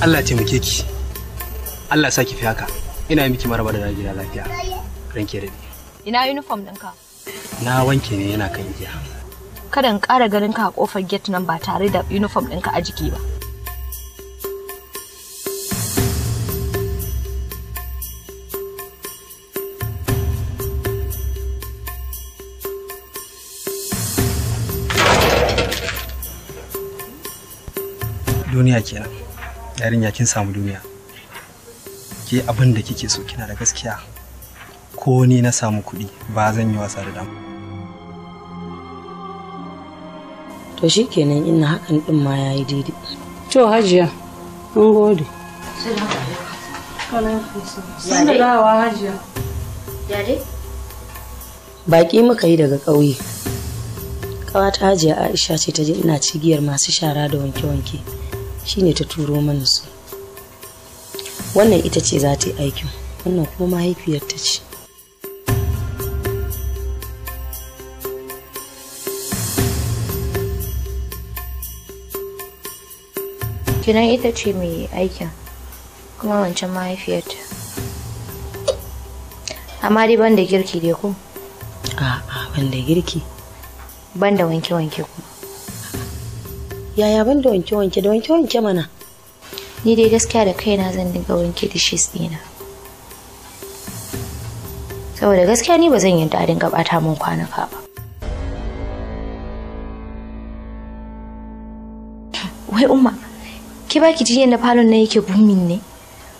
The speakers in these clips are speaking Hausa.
Allah taimake ki Allah sa ki fi haka ina miki maraba da gida lafiya ranke da ni ina uniform ɗinka na wanke ne yana kan giya kada in ƙara ganin ka a ƙofar gate nan ba tare da uniform ɗinka a jiki ba duniya kenan yarinya kin samu duniya ke abin da kike so kina da gaskiya ko ni na samu kuɗi ba zan yi wasa da damu to shi kenan ina hakan ɗin ma ya yi daidai to hajiya mun gode sun da hajiya muka yi daga ƙauye ƙawata hajiya aisha ce ta je ina cigiyar masu shara da wanke-wanke shine ta turo mana su wannan ita ce za ta yi aikin wannan kuma mahaifiyar ta ce kinan ita ce mai aikin kuma wancan mahaifiyarta amma dai ban da girki dai ko a'a ban da girki ban da wanke-wanke kuma yaya ban da wanke wanke da wanke wanke mana ni dai gaskiya da kaina zan dinga wanke dishes dina saboda gaskiya ni ba zan yadda a dinga bata kwana kwanaka ba wai umma ki ba ki ji yadda falon na yake gumin ne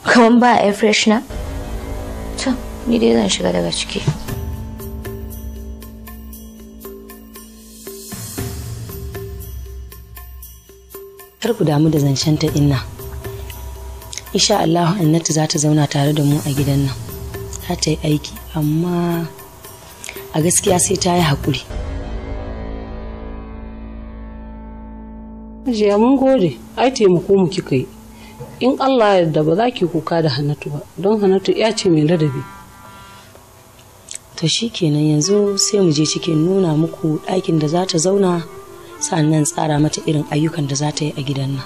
kamar ba air freshener to ni dai zan shiga daga ciki kar ku damu da zancen ta inna insha Allah annatu za ta zauna tare da mu a gidan nan za ta yi aiki amma a gaskiya sai ta yi haƙuri Jiya mun gode, ai taimako mu kika yi. In Allah yarda ba za ki kuka da Hanatu ba, don Hanatu ya ce mai ladabi. To shi kenan yanzu sai mu je cikin nuna muku ɗakin da za ta zauna sannan tsara mata irin ayyukan da za ta yi a gidan nan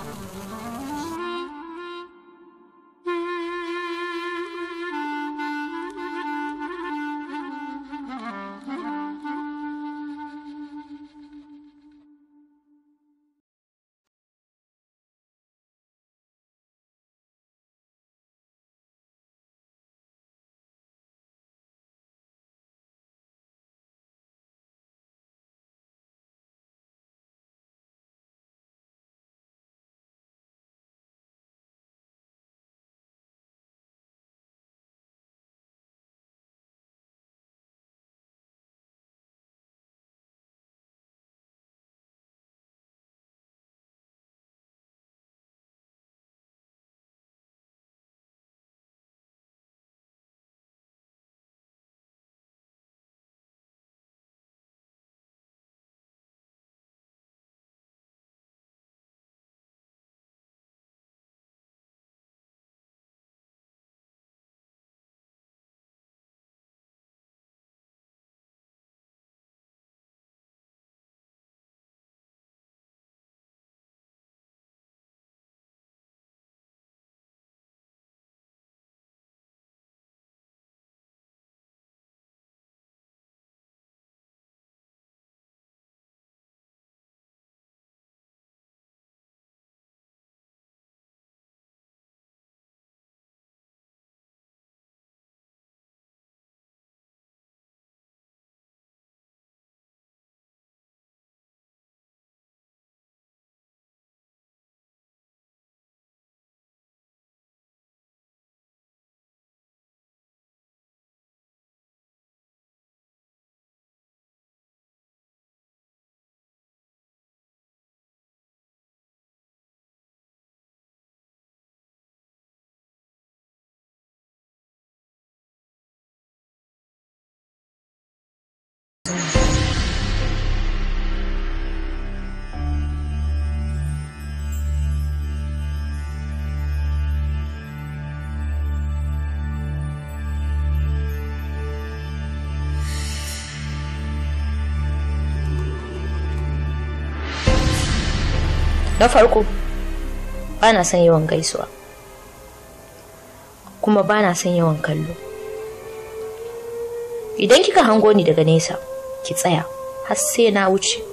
na farko ba na son yawan gaisuwa kuma ba na son yawan kallo idan kika hango ni daga nesa ki tsaya har sai na wuce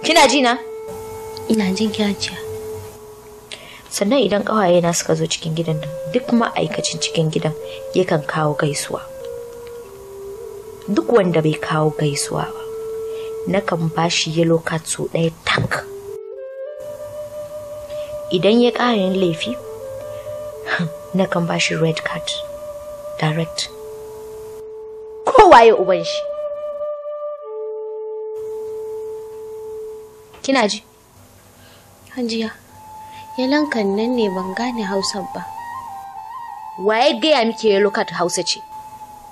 kina ji na ina jin kyaciya sannan idan ƙawaye na suka zo cikin gidan nan duk ma'aikacin cikin gidan yakan kawo gaisuwa duk wanda bai kawo gaisuwa ba nakan bashi yellow card su ɗaya tank. idan ya ƙara yin laifi na kan ba shi red card direct kowaye uban shi kina ji hajiya yalankan nan ne ban gane hausa ba waye gaya muke yellow card hausa ce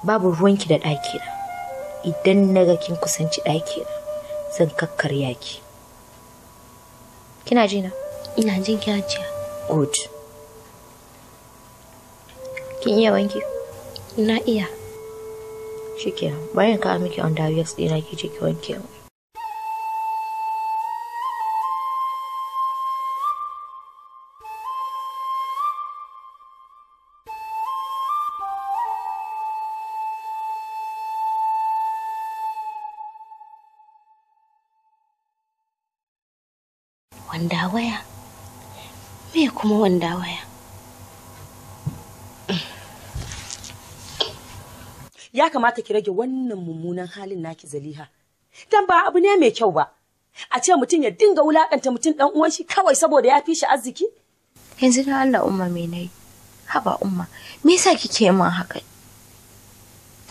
babu ruwanki da ɗaki na idan na ga kin kusanci ɗaki na zan kakkar ki kina ji na ina jin good kin iya na iya shikenan bayan ka amiki onda dawiyas dina ki je wanda waya me kuma wanda waya ya kamata ki rage wannan mummunan halin naki zaliha dan ba abu ne mai kyau ba a ce mutum ya dinga wulakanta mutum dan uwan shi kawai saboda ya fi shi arziki yanzu da Allah umma me nayi haba umma me yasa kike min haka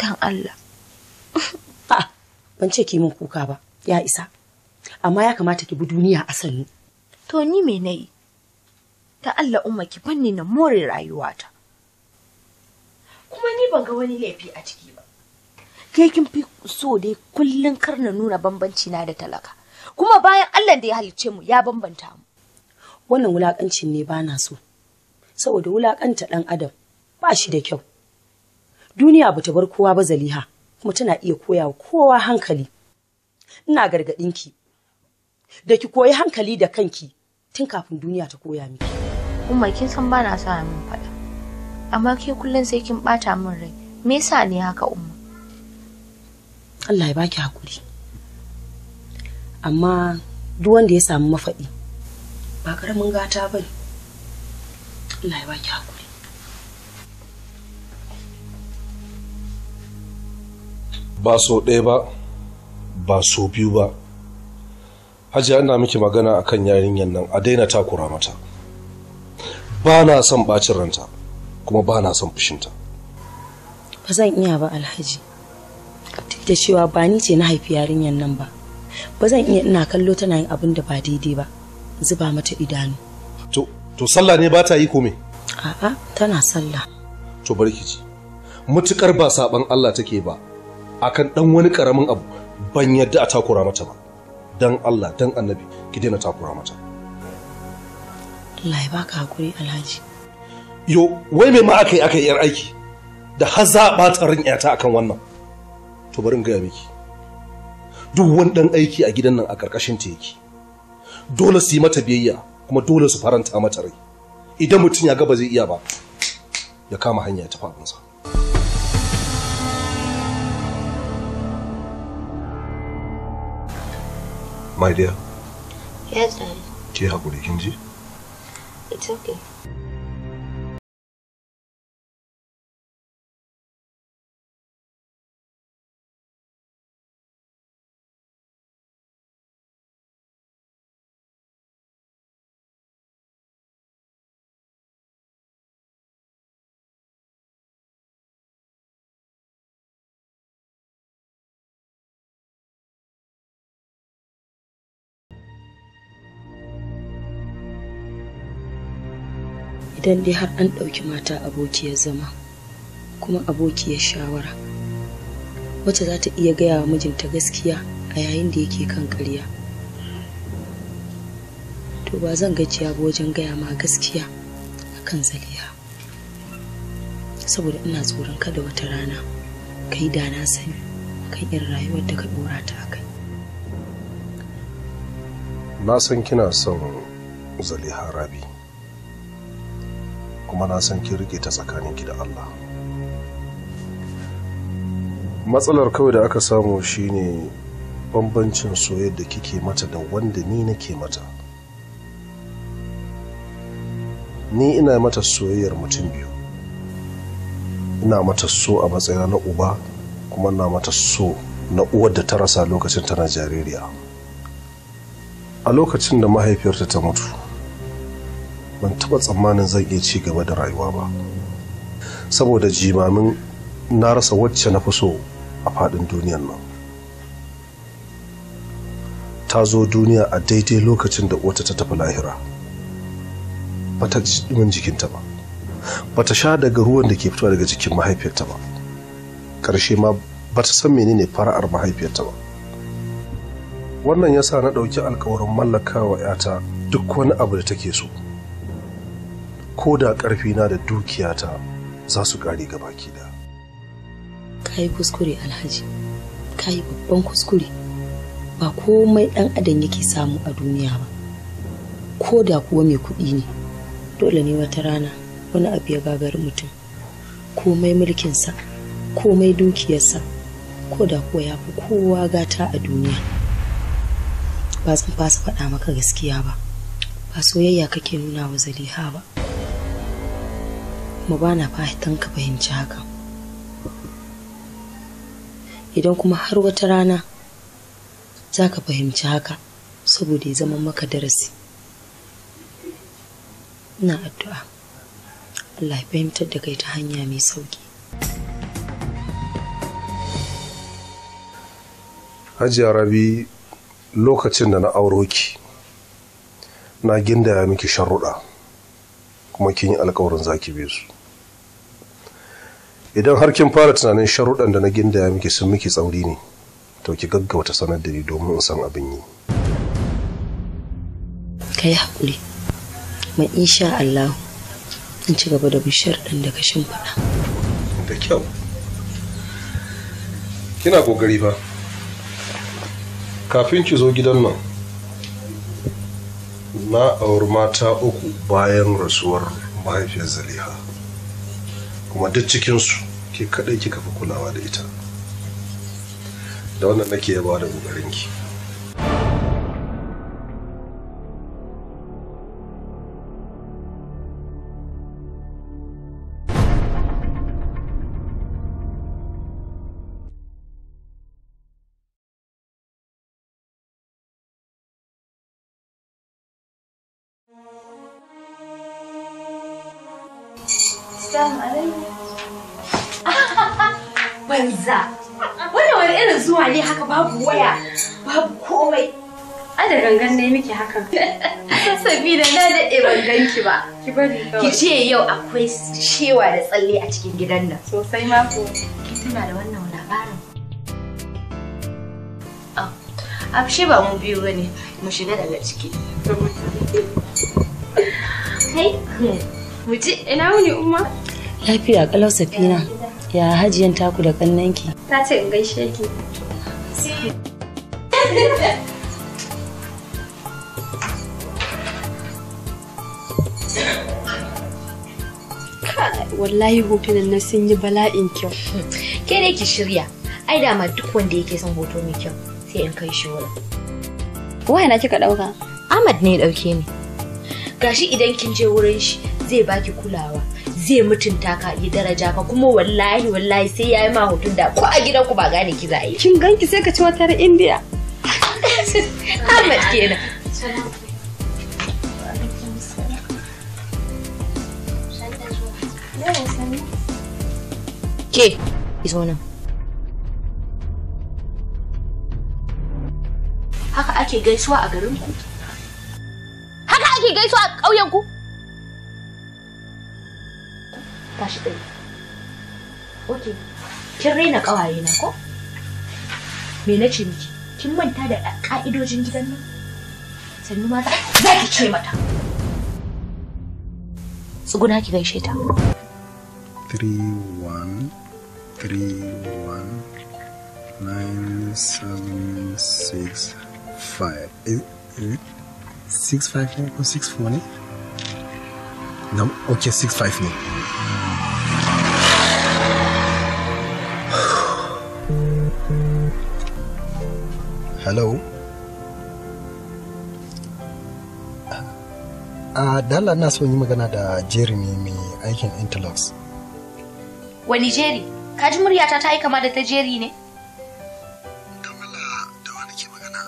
dan Allah a ah, ban ce ki min kuka ba ya isa amma ya kamata ki bi duniya a sani to ni me nayi ta Allah umma ki fanni na more rayuwata. Kuma ni ban ga wani laifi a ciki ba. Ke kin fi so dai kullun karna nuna bambanci na da talaka. Kuma bayan Allah da ya halicce mu ya bambanta mu. Wannan wulakancin ne bana so. Saboda wulakanta dan adam ba shi da kyau. Duniya bata bar kowa ba zaliha kuma tana iya koya kowa hankali. Ina ki da ki koyi hankali da kanki tun kafin duniya ta koya miki. umma kin san ba na sa min faɗa amma ke kullum sai kin ɓata min rai me yasa ne haka umma Allah ya baki hakuri amma duk wanda ya samu mafaɗi ba karamin gata ba ne Allah ya baki hakuri ba so ɗaya ba ba so biyu ba hajiya ina miki magana akan yarinyar nan a daina takura mata Bana son bacin ranta kuma bana na son fushinta ba zan iya ba alhaji duk da cewa ba ni ce na haifi yarinyar nan ba ba zan iya ina kallo tana yin abin da ba daidai ba zuba mata idanu to to sallah ne ba ta yi ko me a'a tana sallah to barki ji mutukar ba saban Allah take ba akan dan wani karamin abu ban yadda a takura mata ba dan Allah dan annabi ki daina takura mata Allah ya baka hakuri alhaji yo wai me ma aka yi aka yar aiki da har za a ɓata ran yata akan wannan to bari in gaya miki duk wani ɗan aiki a gidan nan a ƙarƙashin ta yake dole su yi mata biyayya kuma dole su faranta mata rai idan mutum ya ga ba zai iya ba ya kama hanya ya tafi abinsa my dear yes sir. ki hakuri kin ji It's okay. idan dai har an ɗauki mata abokiyar zama kuma abokiyar shawara wacce za ta iya gaya wa mijinta gaskiya a yayin da yake kan ƙarya to ba zan gajiya ba wajen gaya ma gaskiya a kan zaliha saboda ina tsoron kada wata rana kai da na sani kan yin rayuwar da ka dora ta kai na san kina son zaliha rabi kuma na san kin rike ta tsakaninki da Allah matsalar kawai da aka samu shine bambancin soyayyar da kike mata da wanda ni nake mata ni ina mata soyayyar mutum biyu ina mata so a matsayina na uba kuma na mata so na uwar da ta rasa lokacin tana jaririya a lokacin da mahaifiyarta ta mutu ban taɓa tsammanin zan iya ci gaba da rayuwa ba saboda jimamin na rasa wacce na fi so a faɗin duniyan nan ta zo duniya a daidai lokacin da wata ta tafi lahira ba ta min jikinta ba ba ta sha daga ruwan da ke fitowa daga jikin mahaifiyarta ba ƙarshe ma ba ta san menene fara'ar mahaifiyarta ba wannan ya sa na ɗauki alkawarin mallakawa wa 'yata duk wani abu da take so ko da na da dukiyata za su ƙare ga baki da. Ka yi kuskure alhaji, ka yi babban kuskure. Ba komai ɗan adam yake samu a duniya ba. Ko da kuwa mai kuɗi ne, dole ne wata rana wani abu ya gagari mutum. Komai mulkinsa, komai dukiyarsa, ko da kuwa ya fi kowa gata a duniya. Ba zan fasa faɗa maka gaskiya ba, ba soyayya kake nuna wa zaliha ba. kuma ba na fahimtar ka fahimci haka idan kuma har wata rana za ka fahimci haka saboda ya zama maka darasi ina addu'a Allah ya fahimtar da kai ta hanya mai sauki hajiya rabi lokacin da na auro ki na gindaya miki sharuɗa kuma kin yi alkawarin zaki bi su idan har kin fara tunanin sharuɗan da na gindaya miki sun miki tsauri ne to ki gaggauta sanar da ni domin in san abin yi kai haƙuri mai insha Allah in ci gaba da bishar ɗan da ka shimfiɗa da kyau kina ƙoƙari fa kafin ki zo gidan nan na auri mata uku bayan rasuwar mahaifiyar zaliha kuma duk cikinsu ke kaɗai kika fi kulawa da ita da wannan nake yaba da ki Assalamu alaikum. banza wannan wani irin zuwa ne haka babu waya babu komai a da gangan ne miki hakan sabida na daɗe ban ganki ba ki bari ce yau akwai cewa da tsalle a cikin gidan nan sosai mako ki tuna da wannan labarin Abshe ah, ba mu biyu bane mu shiga daga ciki. Kai, mu ji ina wuni umma? Lafiya kalau safina. Ya hajiyan taku da kannanki? Ta ce in gaishe ki. wallahi hotunan na sun yi bala'in kyau. Ke ne ki shirya, ai dama duk wanda yake son hoto mai kyau sai in kai shi wurin. Wa yana kika ɗauka? Ahmad ne dauke ni. Gashi idan kin je wurin shi zai baki kulawa, zai mutunta ka yi daraja ka kuma wallahi wallahi sai ya yi ma hutun da ko a gidan ku ba gane ki za a yi kin ganki sai ka ci wata indiya Ahmad kenan Ke, iso nan. Haka ake gaisuwa a garinku? Haka ake gaisuwa a ƙauyenku? tashi ɗari ok kin raina ƙawaye na ko me na ce miki kin manta da ƙa'idojin gidan nan sannu mata za ki ce mata tsuguna ki gaishe ta 3131975 6 5 ne ko 6 4 ne? No, okay, 6 5 ne. hello a ah, dala na son yi magana da jeremy mai aikin interlocks wani jeri kaji muryata ta yi kama da ta jeri ne Kamala ke magana.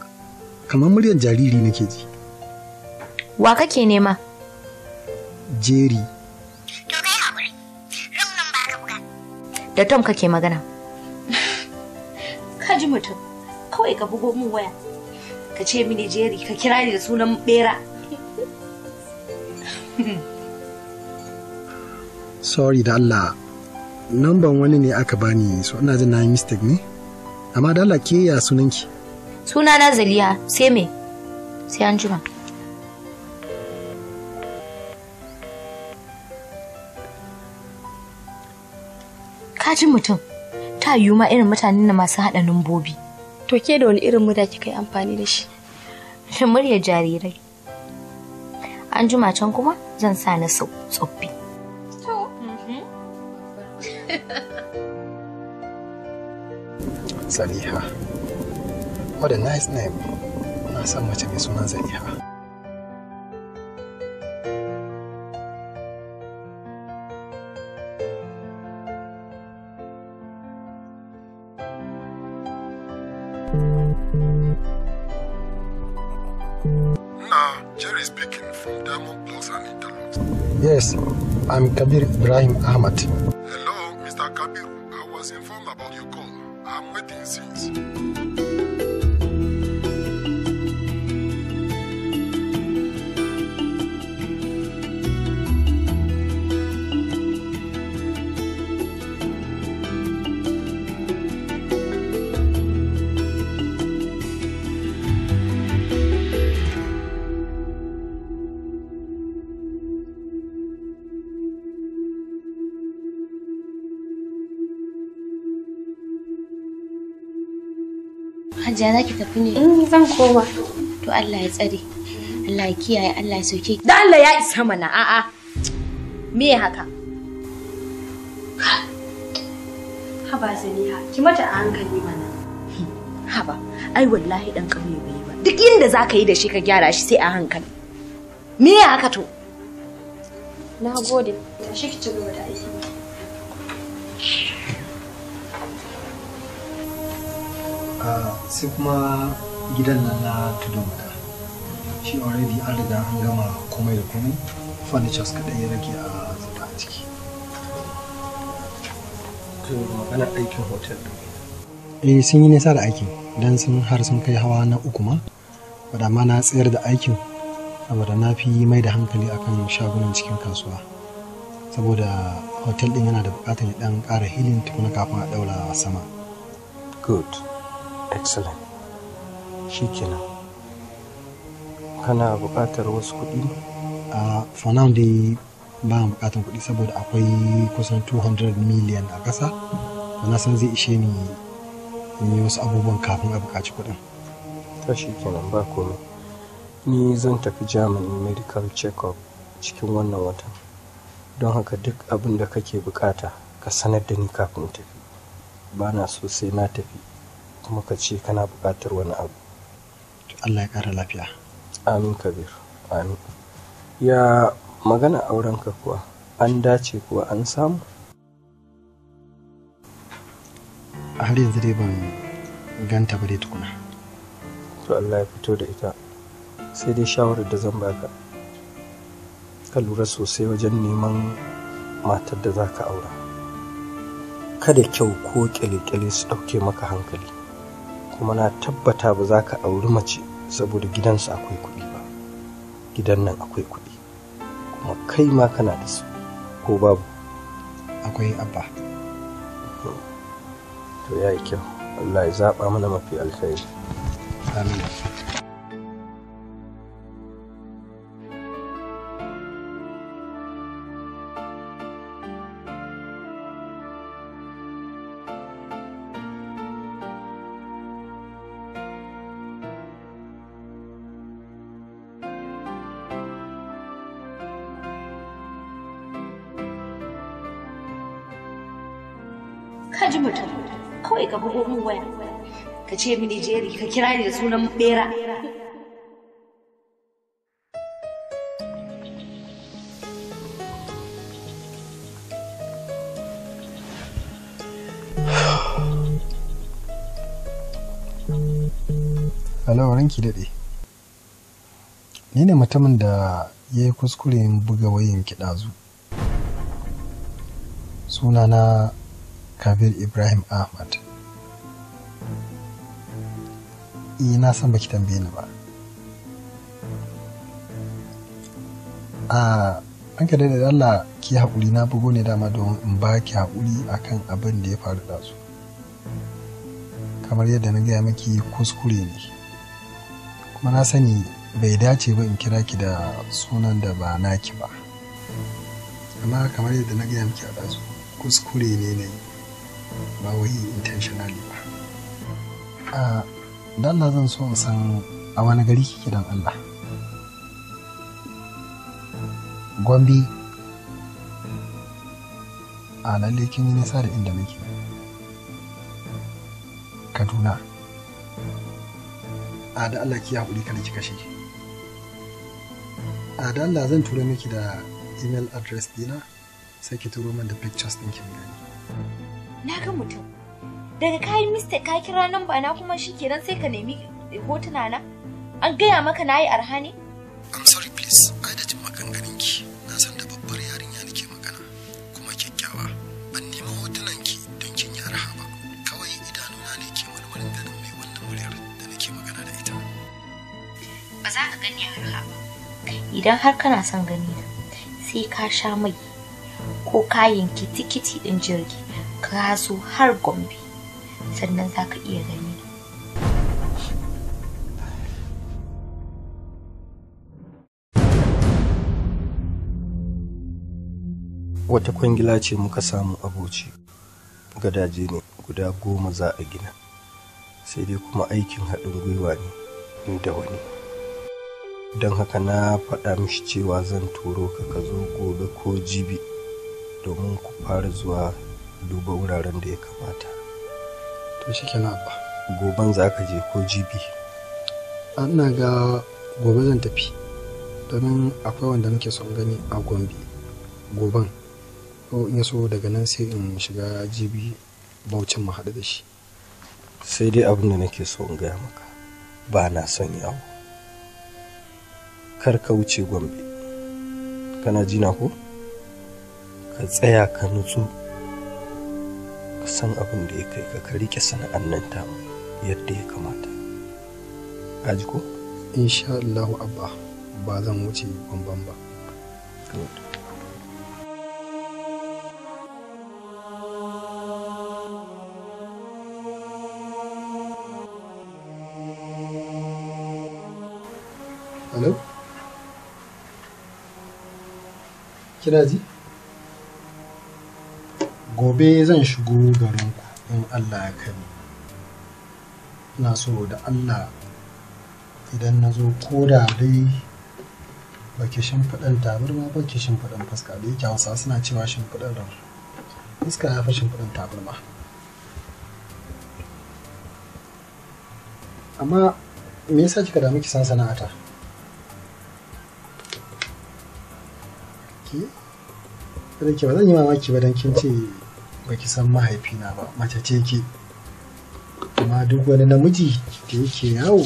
kamar muryar jariri nake ji wa kake nema jeri to kai haƙuri rum nan ba ka buga da tom kake magana ka ji mutum kawai ka bugo min waya ka ce mini jeri ka kira ni da sunan bera sorry da Allah namban wani ne aka bani so ina jin na yi mistake ne amma da Allah ke ya sunanki suna na zaliya sai me sai an jima ka ji mutum ta yiwu ma irin mutanen na masu haɗa numbobi to ke da wani irin murya kika yi amfani da shi murya jarirai an juma can kuma zan sa na sau tsoffi mm-hmm. Zaliha. What a nice name. Na san mace mai sunan Zaliha. Jerry speaking from Diamond Blocks and Interlocks. Yes, I'm Kabir Ibrahim Ahmad. Hello, Mr. Kabir. I was informed about your call. I'm waiting since. hajiya za ki tafi ne zan koma to Allah ya tsare Allah ya kiyaye Allah ya sauke. da Allah ya isa mana a'a me haka haba zaniha ki mata a hankali mana haba ai wallahi dan kauye bai ba duk inda zaka yi da shi ka gyara shi sai a hankali me ya haka to na gode tashi ki ci gaba da aiki sai kuma gidan nan na tudu wada shi already an riga an gama komai da komai furnitures kaɗai ya rage a zuba a ciki magana aikin hotel eh sun yi nisa da aikin don sun har sun kai hawa na uku ma bada ma na tsayar da aikin saboda na fi mai da hankali akan shagunan cikin kasuwa saboda hotel din yana da bukatar ya dan kara hilin tukuna kafin a daura sama good excellent shikenan kana buƙatar wasu kuɗi a for now dai ba buƙatar kuɗi saboda akwai kusan 200 million a ƙasa na san zai ishe ni yi wasu abubuwan kafin a buƙaci kuɗin ta shikenan ba komai ni zan tafi germany medical check-up cikin wannan watan don haka duk abin da kake bukata ka sanar da ni kafin tafi ba na so sai na tafi kuma ka ce kana buƙatar wani abu Allah ya ƙara lafiya amin kabir amin ya magana aurenka kuwa an dace kuwa an samu A har yanzu dai ban ganta ba dai tukuna to Allah ya fito da ita sai dai shawarar da zan baka ka lura sosai wajen neman matar da za ka aura kada kyau ko ƙyale kyale su ɗauke maka hankali kuma na tabbata ba za ka auri mace saboda gidansu akwai kuɗi ba gidan nan akwai kuɗi kuma kai ma kana da su ko babu akwai abba to ya yi kyau allah ya zaɓa mana mafi alkhairi amin bugo min waya ka ce mini jeri ka kira ni da sunan bera Hello, ranki daɗe. Ni ne mutumin da ya yi kuskuren buga wayan kiɗazu. Sunana Kabir Ibrahim Ahmad. eh na san baki tambaye ni ba a an ka da Allah ki haƙuri na bugo ne dama don in ba ki haƙuri akan abin da ya faru da su kamar yadda na gaya maki kuskure ne kuma na sani bai dace ba in kira ki da sunan da ba naki ba amma kamar yadda na gaya miki a dazu kuskure ne na ba wai intentionally ba dan Allah zan so in san a wani gari kike dan Allah Gombe a lalle kin yi nisa da inda nake Kaduna a da Allah ki haƙuri kada ki kashe a da Allah zan tura miki da email address dina sai ki turo min da pictures ɗin kin gani na ga mutum daga kai mistake ka kira nan ba na kuma shi kenan sai ka nemi hotuna na an gaya maka na yi ne i'm sorry please kai da jin maganganun ki na san da babbar yarinya nake magana kuma kyakkyawa ban nemi hotunan ki don kin yi arha ba kawai idanuna ne ke marmarin ganin mai wannan muryar da nake magana da ita ba za ka gani arha ba idan har kana son gani na sai ka sha mai ko kayan kitikiti din jirgi ka zo har gombe sannan za ka iya gani wata kwangila ce muka samu abuci gadaje ne guda goma za a gina sai dai kuma aikin haɗin gwiwa ne da wani don haka na faɗa mishi cewa zan turo ka ka zo gobe ko jibi domin ku fara zuwa duba wuraren da ya kamata to shi kenan ba goban za ka je ko jibi na ga gobe zan tafi domin akwai wanda muke son gani a gombe goban ko in so daga nan sai in shiga jibi baucin mu haɗu da shi sai dai abin da nake so in gaya maka ba na son yawo kar ka wuce gombe kana jina ko ka tsaya ka nutsu ka san abin da ya kai ka ka rike sana'an nan ta yadda ya kamata aji ko insha Allahu abba ba zan wuce bamban ba good Hello? Kina ji? gobe zan shigo garinku in allah ya kai ina so da allah idan na zo ko da dai baki shimfiɗan tabarma baki shimfiɗan fuska da yake hausa suna cewa shimfiɗan rar fuska ya fi shimfiɗan ma amma me yasa kika da miki san sana'ata ki ba zan yi mamaki ba don kin ce baki san mahaifina ba mace ce ke amma duk wani namiji da yake yawo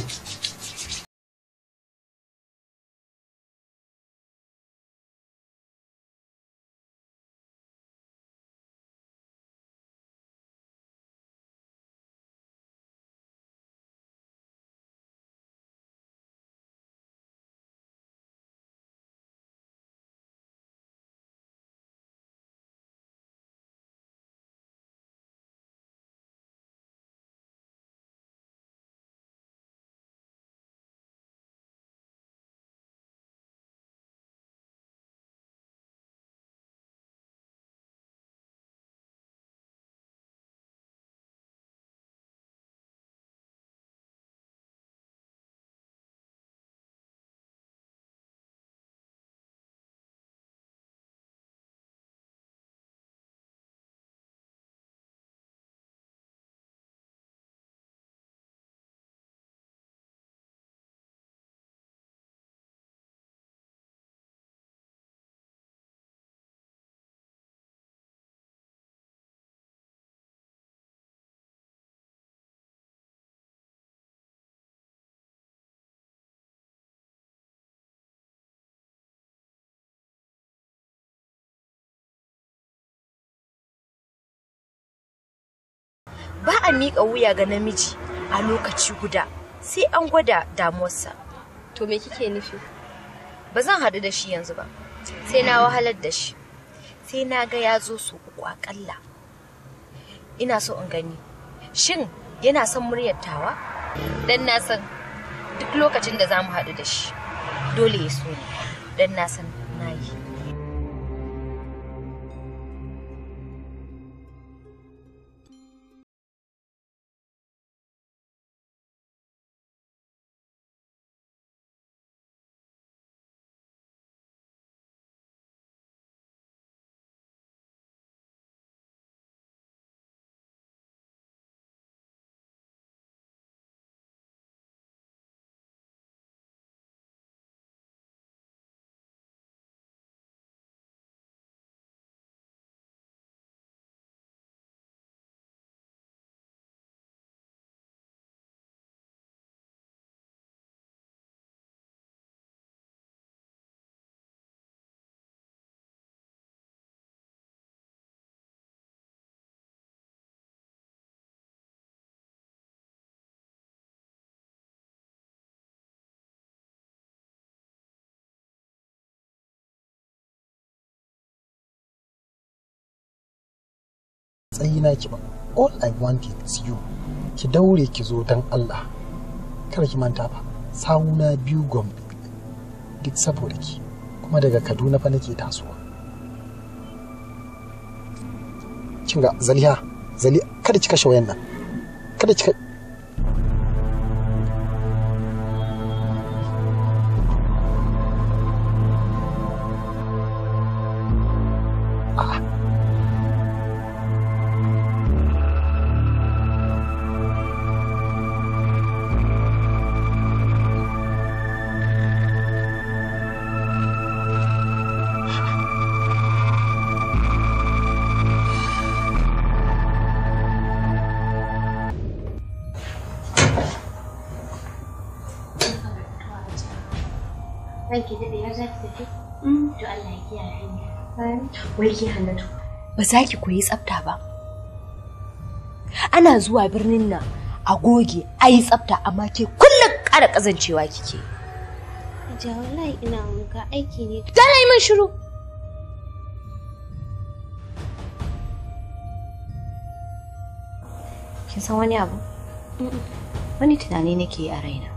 a miƙa wuya ga namiji a lokaci guda sai an gwada damuwarsa. To me kike nufi? Ba zan haɗu da shi yanzu ba. Sai na wahalar da shi. Sai na ga ya zo su uku aƙalla. Ina so in gani. Shin yana son muryar tawa? Dan na san duk lokacin da za mu haɗu da shi. Dole ya so ni. Dan na san na yi. na ki ba all i want is you ki daure ki zo don allah kar ki manta ba sauna biyu gombe duk saboda ki kuma daga kaduna fa nake tasowa kin ga zaliha zali kada ki kashe wayan nan kada ki ranki da ya za ki tafi mm. to Allah ya kiyaye hanya wai ki hannatu ba za ki koyi tsafta ba ana zuwa birnin nan a goge a yi tsafta amma ke kullum ƙara ƙazancewa kike ja wallahi ina wanka aiki ne tana yi min shiru kin san wani abu wani tunani nake yi a raina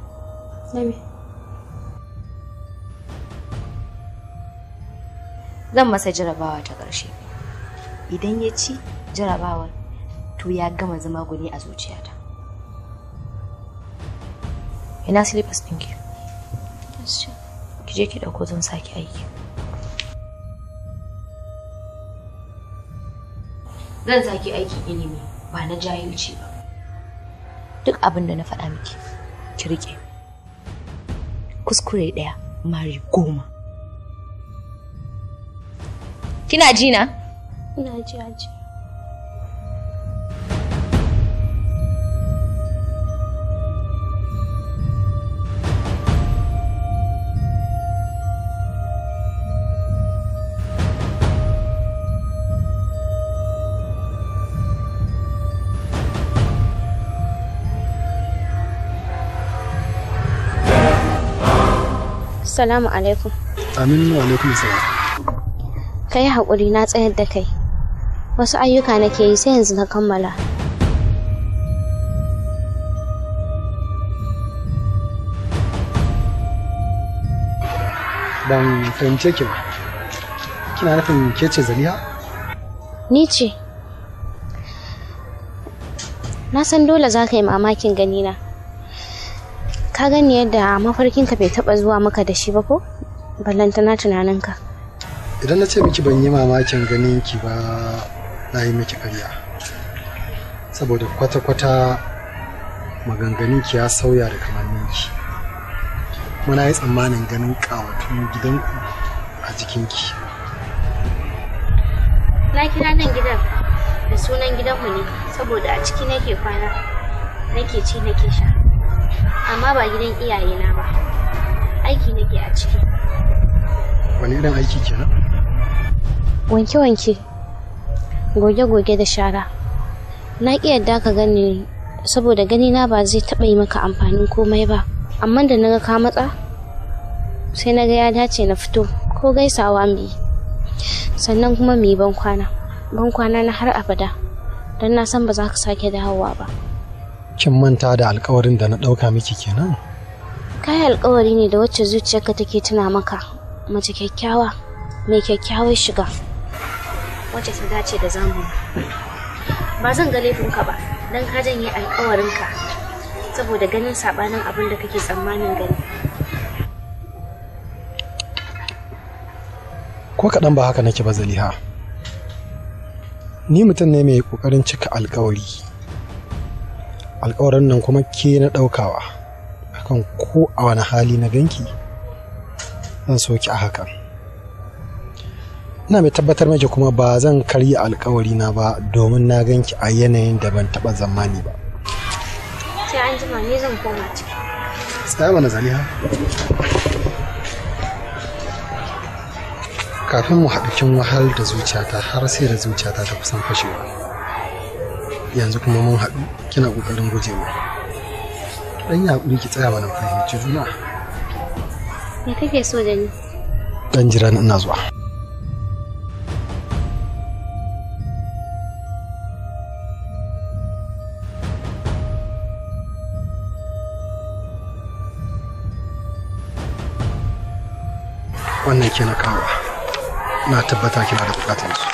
zan masa jarabawa ta ƙarshe idan ya ci jarabawar to ya gama zama guni a zuciyata ina slippers ɗinki ki je ki ɗauko zan sake aiki zan sake aikin ilimi ba na jahilci ba duk abin da na faɗa miki ki riƙe kuskure ɗaya mari goma Kina ji na? Ina ji aji. Salamu alaikum. Aminu alaikum salam. ka yi haƙuri na tsayar da kai wasu ayyuka na ke yi sai yanzu na kammala ban fahimce ki ba kina nufin ke ce zaliha ni ce na san dole za ka yi mamakin ganina ka gani yadda mafarkinka bai taɓa zuwa maka da shi ba ko ballantana tunaninka idan na ce miki ban yi mamakin ganin ki ba na yi miki karya saboda kwata-kwata maganganun ki ya sauya da kamannin ki muna yi tsammanin ganin kawatun gidanku a jikin ki. na kira nan gidan da sunan gidanmu ne saboda a ciki nake kwana nake ci nake sha amma ba gidan iyayena ba aiki nake a ciki wani irin aiki kenan wanke-wanke goge-goge da shara na ƙi yadda ka gani saboda gani na ba zai taba yi maka amfanin komai ba amma da na ga ka matsa sai na ga ya dace na fito ko gaisawa mi sannan kuma mu yi ban kwana ban kwana na har abada don na san ba za ka sake dawowa ba kin manta da alkawarin da na ɗauka miki kenan kai alkawari ne da wacce zuciyarka take tuna maka mace kyakkyawa mai kyakkyawar shiga wacce ta dace da zamu ba zan ga laifinka ba don ka janye alkawarinka saboda ganin sabanin abin da kake tsammanin gani ko kaɗan ba haka nake ba zaliha ni mutum ne mai ƙoƙarin cika alkawari alkawarin nan kuma ke na ɗaukawa akan ko a wani hali na ganki zan soki a hakan ina mai tabbatar miki kuma ba zan karya alkawari na ba domin na ganki a yanayin da ban taba zamani ba sai an jima ne zan koma ciki tsaya mana zaliha kafin mu haɗu kin wahal da zuciyata har sai da zuciyata ta kusan fashewa yanzu kuma mun haɗu kina ƙoƙarin gujewa dan ya haƙuri ki tsaya mana fahimci juna me kake so da ni dan jira ina zuwa wannan ke na kawo na tabbata kina da bukatar su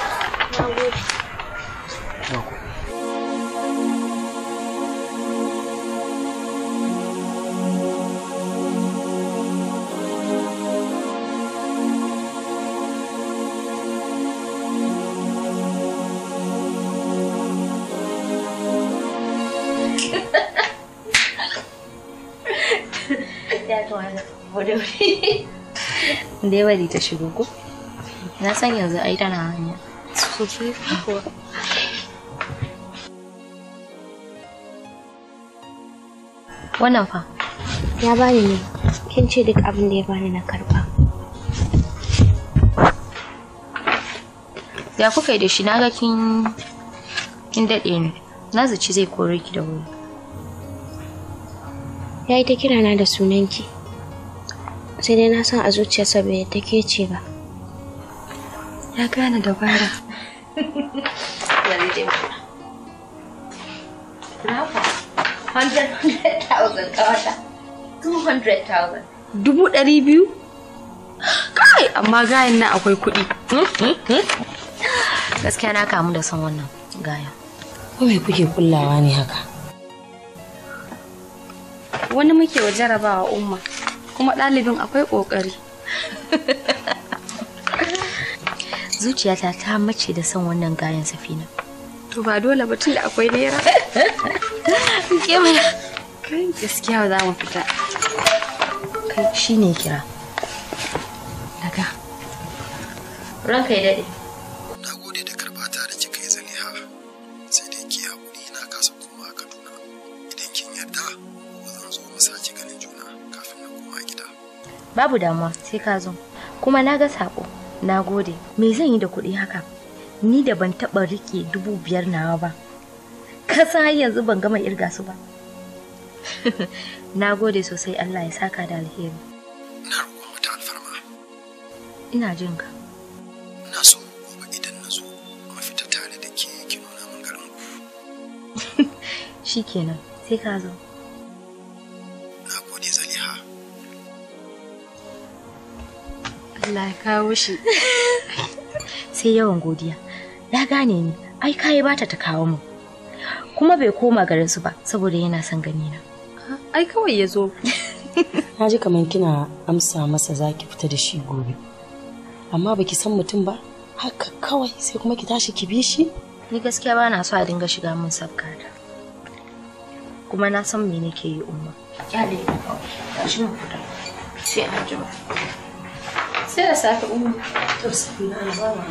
dai bari ta shigo ko na san yanzu ai tana hanya wannan fa ya bani ne kin ce duk abin da ya bani na karba ya kuka yi da shi naga kin kin daɗe ni na zaci zai kore ki da wuri ya yi ta kirana da sunanki sai dai na san a zuciyarsa bai yadda ke ce ba ya gane dabara yanzu dai Dubu ɗari biyu? Kai, amma gayan nan akwai kuɗi. Gaskiya na kamu da san wannan gaya. Kome kuke kullawa ne haka? Wani muke wa jarabawa umma. kuma ɗalibin akwai ƙoƙari zuciyata ta mace da son wannan gayan safina to ba dole ba tunda akwai naira ke mana kai gaskiya za mu fita kai shine kira daga ranka ya daɗe babu damuwa sai ka zo kuma na ga sako na gode me zan yi da kuɗi haka ni da ban taɓa riƙe dubu biyar nawa ba kasa yanzu ban gama irga su ba na gode sosai allah ya saka da alheri na roƙon mata alfarma ina jin ka na so gobe idan na zo fita tare da ke ki nuna min garin ku shikenan sai ka zo Allah ya kawo shi. Sai yawan godiya. Ya gane ni, ai kai bata ta kawo mu. Kuma bai koma garin su ba saboda yana son gani na. Ai kawai ya zo. Na ji kamar kina amsa masa zaki fita da shi gobe. Amma baki san mutum ba, haka kawai sai kuma ki tashi ki bi shi. Ni gaskiya ba na so a dinga shiga min sabgada. Kuma na san me nake yi umma. Kyale, shi mu fita. Sai an jima. sai da safe Das ist sai na zama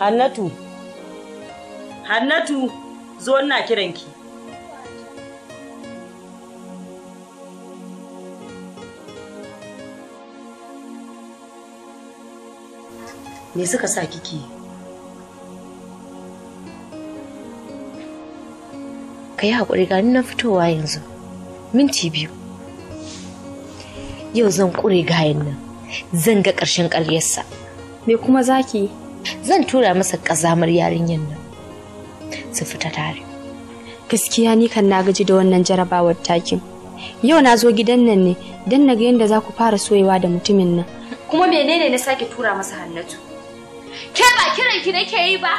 Hannatu Hannatu zo ina kiranki Me suka sa kike? Ka yi haƙuri gani na fitowa yanzu. Minti biyu. yau zan ƙure gayan nan zan ga ƙarshen ƙaryarsa me kuma zaki zan tura masa ƙazamar yarinyar nan su fita tare gaskiya ni kan na gaji da wannan jarabawar takin yau na zo gidan nan ne don na ga yadda za ku fara soyewa da mutumin nan kuma menene na sake tura masa hannatu ke ba kiran ki nake yi ba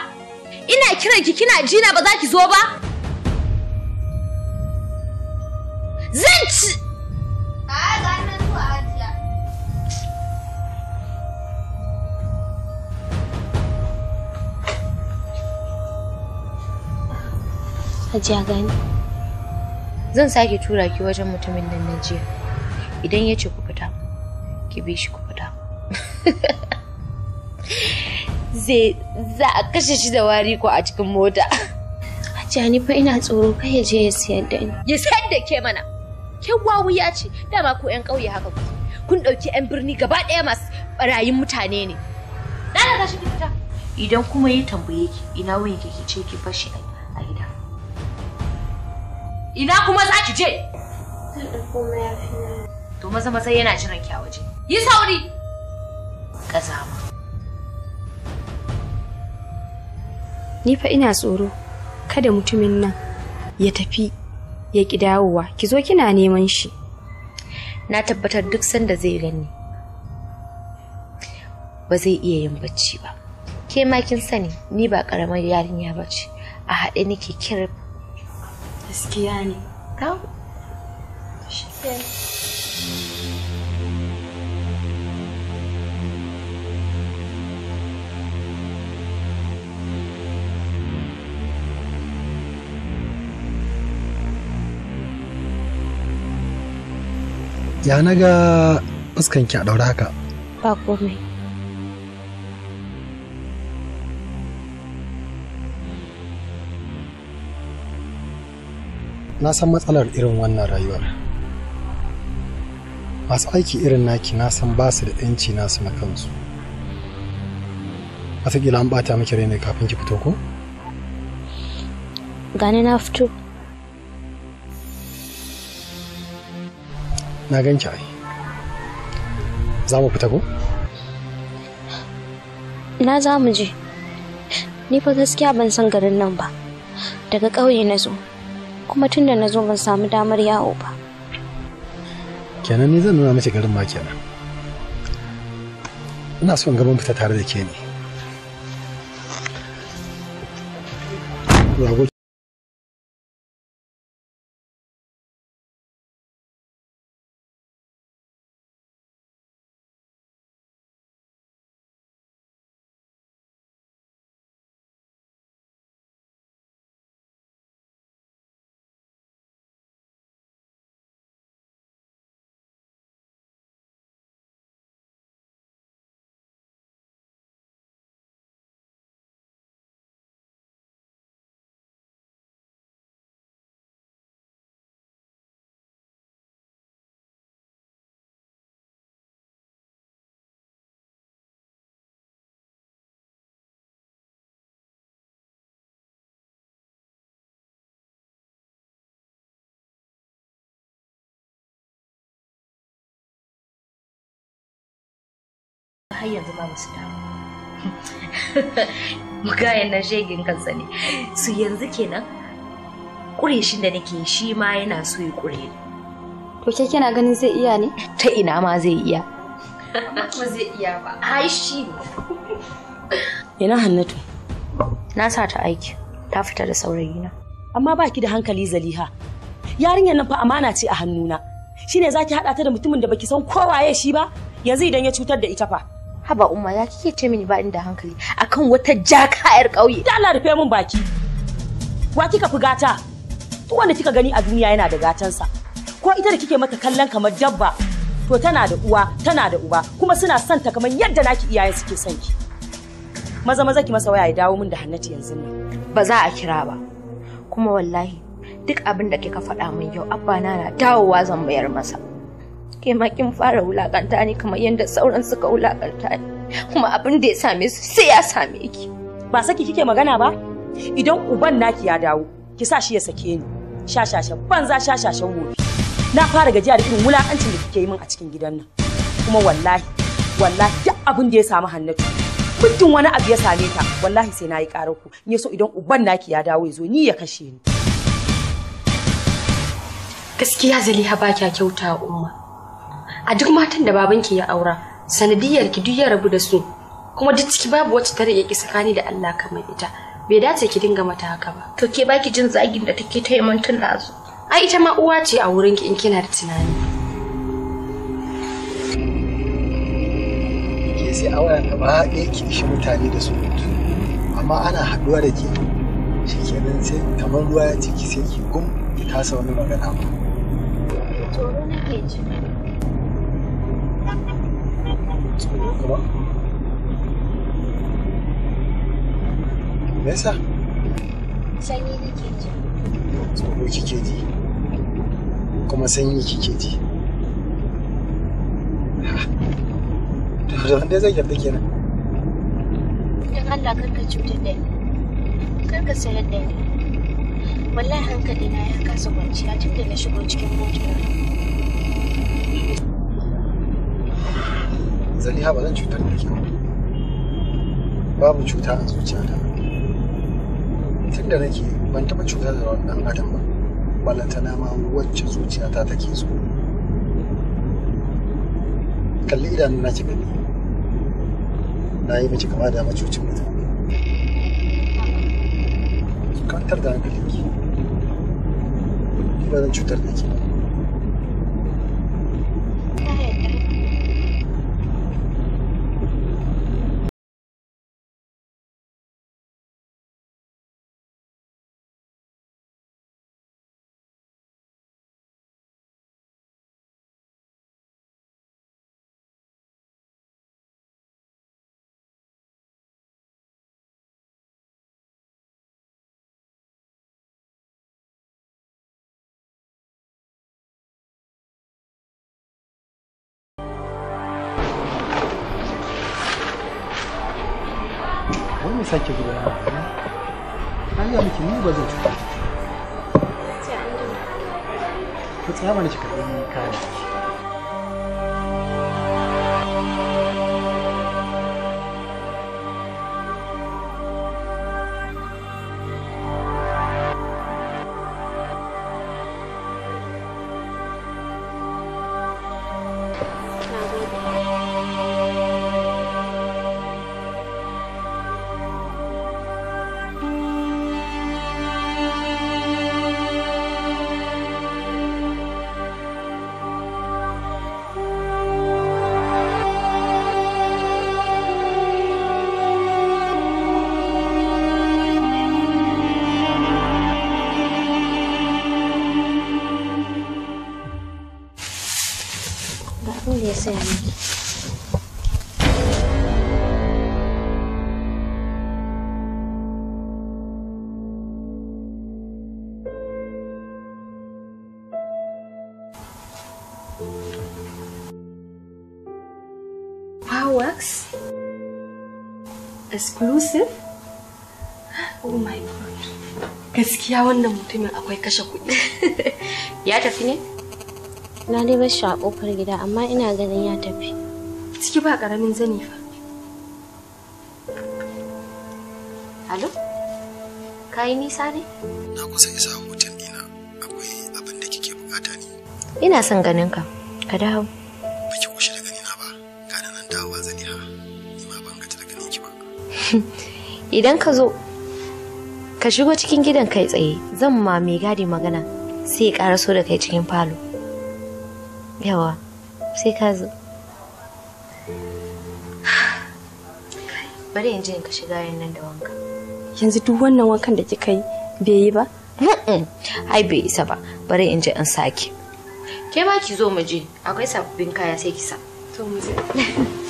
ina kiran ki kina jina ba za ki zo ba zan ci hajiya gani zan sake tura ki wajen mutumin nan na jiya idan ya ce ku fita ki bi shi ku fita zai za a kashe shi da wari ko a cikin mota hajiya ni fa ina tsoro kai ya je ya sayar da ni ya sayar da ke mana ke ya ce dama ko yan ƙauye haka ku kun ɗauki yan birni gaba ɗaya masu barayin mutane ne dana ka shi fita idan kuma ya tambaye ki ina wuyan ki ce ki fashi a Ina kuma za ki je? To maza maza yana jiran ki a waje. Yi sauri! Kazama. Ni fa ina tsoro kada mutumin nan ya tafi ya ki dawowa ki zo kina neman shi. Na tabbatar duk sanda zai gani ba zai iya yin bacci ba. Ke ma kin sani ni ba karamar yarinya ba ce a haɗe nake kirif gaskiya ne kawo ya na ga fuskanki a ɗaura haka ba komai na san matsalar irin wannan rayuwar masu aiki irin naki na san ba su da 'yanci nasu na kansu wataƙila an ɓata miki rai ne kafin ki fito ko? gane na fito na gan ki ai za mu fita ko? na za mu je ni fa gaskiya ban san garin nan ba daga ƙauye na zo kuma tunda na zo ban samu damar yawo ba kenan ni zan nuna mace garin ma kenan ina son gaban fita tare da ke ne har yanzu ma basu dawo mugayen na shegin kansa ne su yanzu kenan shi da nake shi ma yana so ya kure ni to ke kina ganin zai iya ne ta ina ma zai iya ko zai iya ba ai shi ina hannatu na sa ta aiki ta fita da saurayina amma ba ki da hankali zaliha yarinyar nan fa amana ce a hannuna shine zaki hada ta da mutumin da baki san ko waye shi ba yanzu idan ya cutar da ita fa haba umma ya kike ce mini ba inda hankali akan wata jaka yar ƙauye da Allah rufe min baki wa kika fi gata to wanda kika gani a duniya yana da gatansa ko ita da kike mata kallon kamar dabba to tana da uwa tana da uba kuma suna son ta kamar yadda naki iyaye suke son ki maza maza ki masa waya ya dawo min da Hannatu yanzu ne ba za a kira ba kuma wallahi duk abin da kika faɗa min yau abba na na dawowa zan bayar masa ke ma kin fara wulakanta ne kamar yadda sauran suka wulakanta ni kuma abin da ya same su sai ya same ki ba saki kike magana ba idan uban naki ya dawo ki sa shi ya sake ni shashashan banza shashashan gobe. na fara gajiya da irin wulakancin da kike yi min a cikin gidan nan kuma wallahi wallahi duk abin da ya samu hannatu muddin wani abu ya same ta wallahi sai na yi karar ku in so idan uban naki ya dawo ya ni ya kashe ni gaskiya zaliha ba kya kyauta umma a duk matan da babanki ya aura sanadiyar ki duk ya rabu da su kuma duk ciki babu wacce ta rike tsakani da Allah kamar ita bai dace ki dinga mata haka ba to ke baki jin zagin da take ta yaman tun da azu ai ita ma uwa ce a wurin ki in kina da tunani ke sai a waya gaba ɗaya ki ishi mutane da su amma ana haɗuwa da ke shi kenan sai kamar ruwa ya ciki sai ki gum ki kasa wani magana ba tsoro nake ji gaba me yasa sanyi nake ji tsoro kuma sanyi kike ji da wanda zai yarda kenan dan Allah karka cutar da ni karka sayar da ni wallahi hankali na ya kasa kwanciya tun da na cikin zaliha ba zan cutar da ke ba. babu cuta a zuciya zuciyata tun da nake ban taɓa cutar da wani ɗan adam ba balantana ma wacce zuciyata take so kalli idanun na ki gani na yi miki kama da macucin mutane kantar da hankali ni ba zan cutar da ke ba sake gida na ga miki ni ba zai cuta ki tsaya mana ki karɓi kayan ki exclusive oh my god gaskiya wannan mutumin akwai kashe kuɗi ya tafi ne na dai bar shi a kofar gida amma ina ganin ya tafi ciki ba karamin zani fa alo kayi nisa ne na kusa isa hoton dina akwai abin da kike bukata ne ina son ganin ka ka dawo idan ka zo ka shigo cikin gidan kai tsaye zan ma mai gadi magana sai ya karaso da kai cikin falo yawa sai ka zo bari in je in ka shiga yin nan da wanka yanzu duk wannan wankan da kika yi bai yi ba ai bai isa ba bari in je in sake ke ma ki zo mu je akwai sabbin kaya sai ki sa to mu je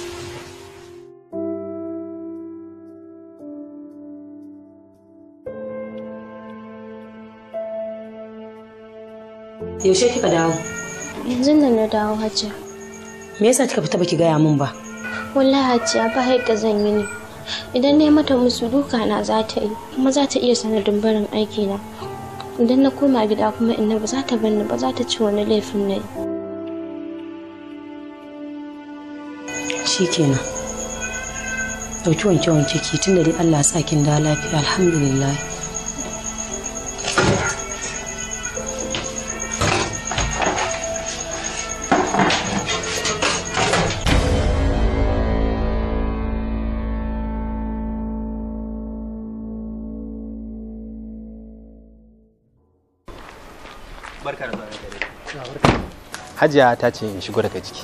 yaushe kika dawo yanzu da na dawo hajiya me yasa kika fita baki gaya min ba wallahi hajiya ba yadda zan yi ne idan na mata musu duka na za ta yi kuma za ta iya sanadin barin aiki na idan na koma gida kuma inna ba za ta banni ba za ta ci wani laifin na shikenan dauki wanke-wanke ki tunda dai Allah ya sa kin da lafiya alhamdulillah hajiya ta ce in shigo daga ciki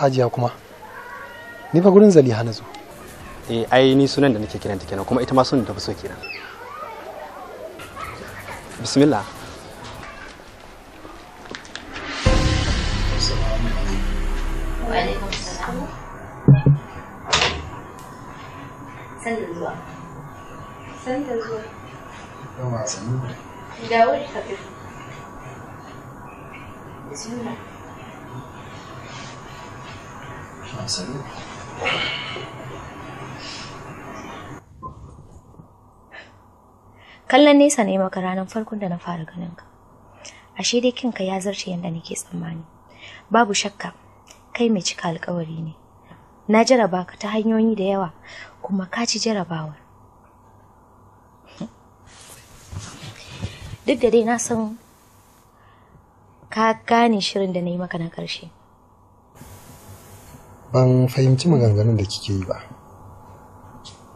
hajiya kuma ni fa gurin zaliha na zo eh ai ni sunan da nake kiranta kenan kuma ita ma sunan da fi so kiran bismillah sanda zuwa sanda zuwa da wuri ka Kallon nesa ne maka ranar farkon da na fara ganin ka. Ashe dai kinka ya zarce yadda nake tsammani. Babu shakka, kai mai cika alkawari ne. Na jaraba ka ta hanyoyi da yawa kuma ka ci jarabawar. Duk da dai na san ka gane shirin da na yi maka na ƙarshe. Ban fahimci maganganun da kike yi ba.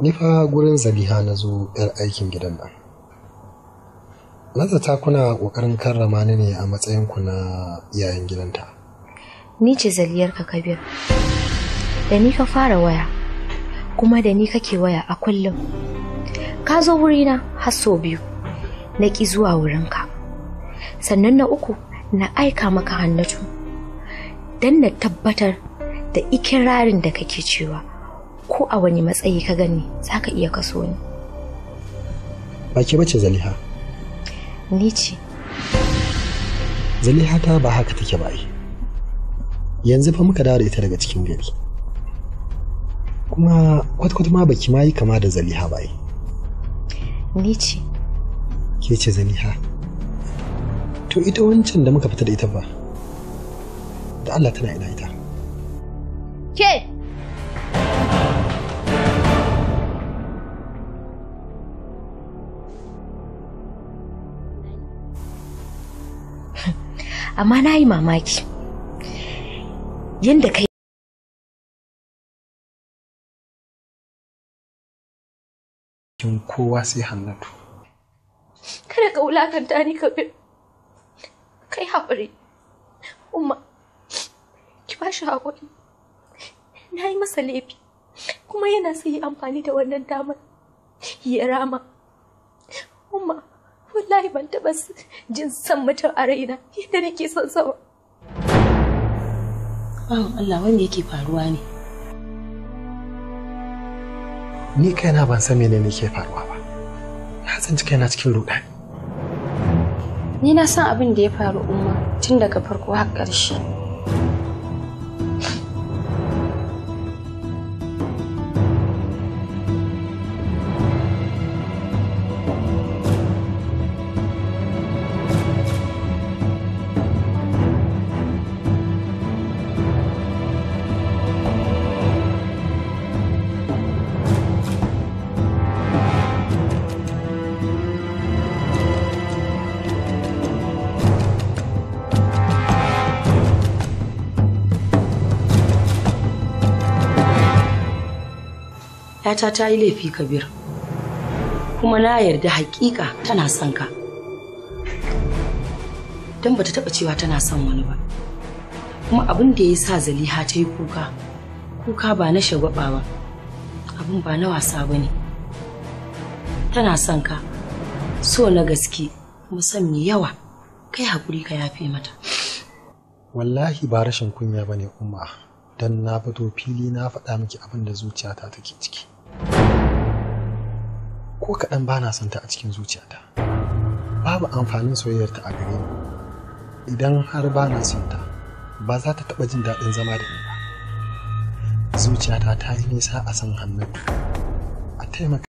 Ni fa gurin Zaliha na zo 'yar aikin gidan nan. Nazata kuna ƙoƙarin karrama ni ne a matsayinku na yayin gidanta. Ni ce zaliyarka Kabir. Da ni ka fara waya, kuma da ni kake waya a kullum. Ka zo wurina har sau biyu, na ƙi zuwa wurinka. Sannan na uku, na aika maka hannatu don na tabbatar da ikirarin da kake cewa ko a wani matsayi ka gani za ka iya kaso ni. Ba ke bace Zaliha? Ni ce. Zaliha ta ba haka take ba Yanzu fa muka dawo ita daga cikin gari. Kuma kwat-kwat ma baki ma yi kama da Zaliha ba Ni ce. Ke ce Zaliha? to ita wancan da muka fita da ita ba da Allah tana ina ita ke amma na yi mamaki yadda kai kowa sai hannatu kada ka wulakanta ni kabir kai haƙuri umma ki ba shi haƙuri na yi masa laifi kuma yana sai yi amfani da wannan damar ya rama umma wallahi ban taɓa jin san mutum a raina yadda nake son sa ba bawan Allah wanda yake faruwa ne ni kaina ban san menene ke faruwa ba na san kaina cikin rudani Ni na san abin da ya faru umma tun daga farko har ƙarshe. yata ta yi laifi kabir kuma na yarda hakika tana son ka don bata taba cewa tana son wani ba kuma abin da ya sa zaliha ta yi kuka kuka ba na shagwaba ba abin ba na wasa ba ne tana son ka so na gaske kuma son mai yawa kai hakuri ka yafe mata wallahi ba rashin kunya ba ne umma don na fito fili na faɗa miki abin da zuciyata take ciki ko kaɗan ba na son ta a cikin zuciyata babu amfanin soyayyarta a gare ni idan har ba na son ta ba za ta taɓa jin daɗin zama da ni ba zuciyata ta yi nisa a san hannu a taimaka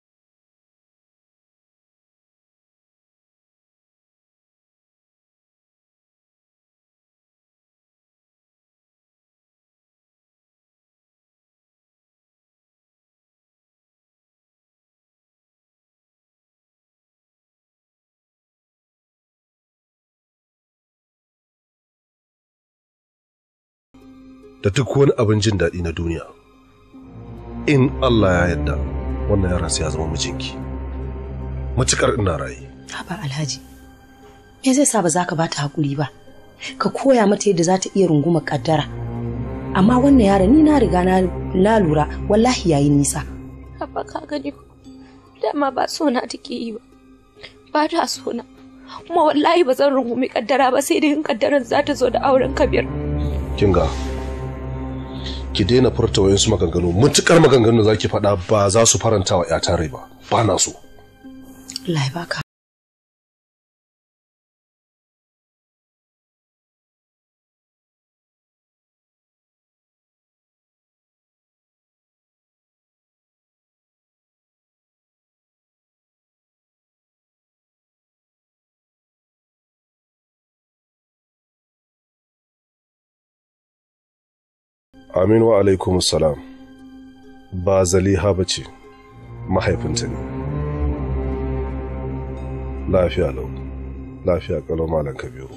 da duk wani abin jin daɗi na duniya in Allah ya yarda wannan yaron sai ya zama mijinki matukar ina raye haba alhaji me zai sa ba za ka bata hakuri ba ka koya mata yadda za ta iya runguma kaddara amma wannan yaron ni na riga na lura wallahi yayi nisa haba ka gani dama ba so na take yi ba ba ta so na kuma wallahi ba zan rungumi kaddara ba sai dai in kaddaran za ta zo da auren kabir kinga ki daina furta su maganganu mutukar maganganu da zaki faɗa ba za su faranta wa 'ya rai ba ba na so Allah amin wa alaikum salam ba zaliha ba ce mahaifinta ne lafiya lau lafiya kalau malam kabiru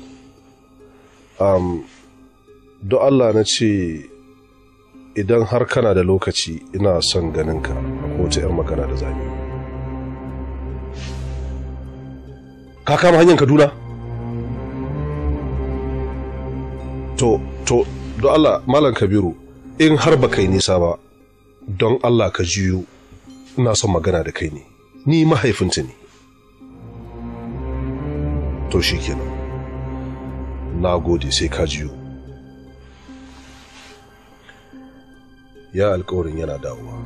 um, do allah na ce idan har kana da lokaci ina son ganinka a kowace 'yan magana da zami ka kama hanyar kaduna to to do allah malam kabiru in har ba kai nisa ba don Allah ka juyo ina son magana da kai ne ni mahaifinta ne to shi kenan na gode sai ka juyo ya alkawarin yana dawowa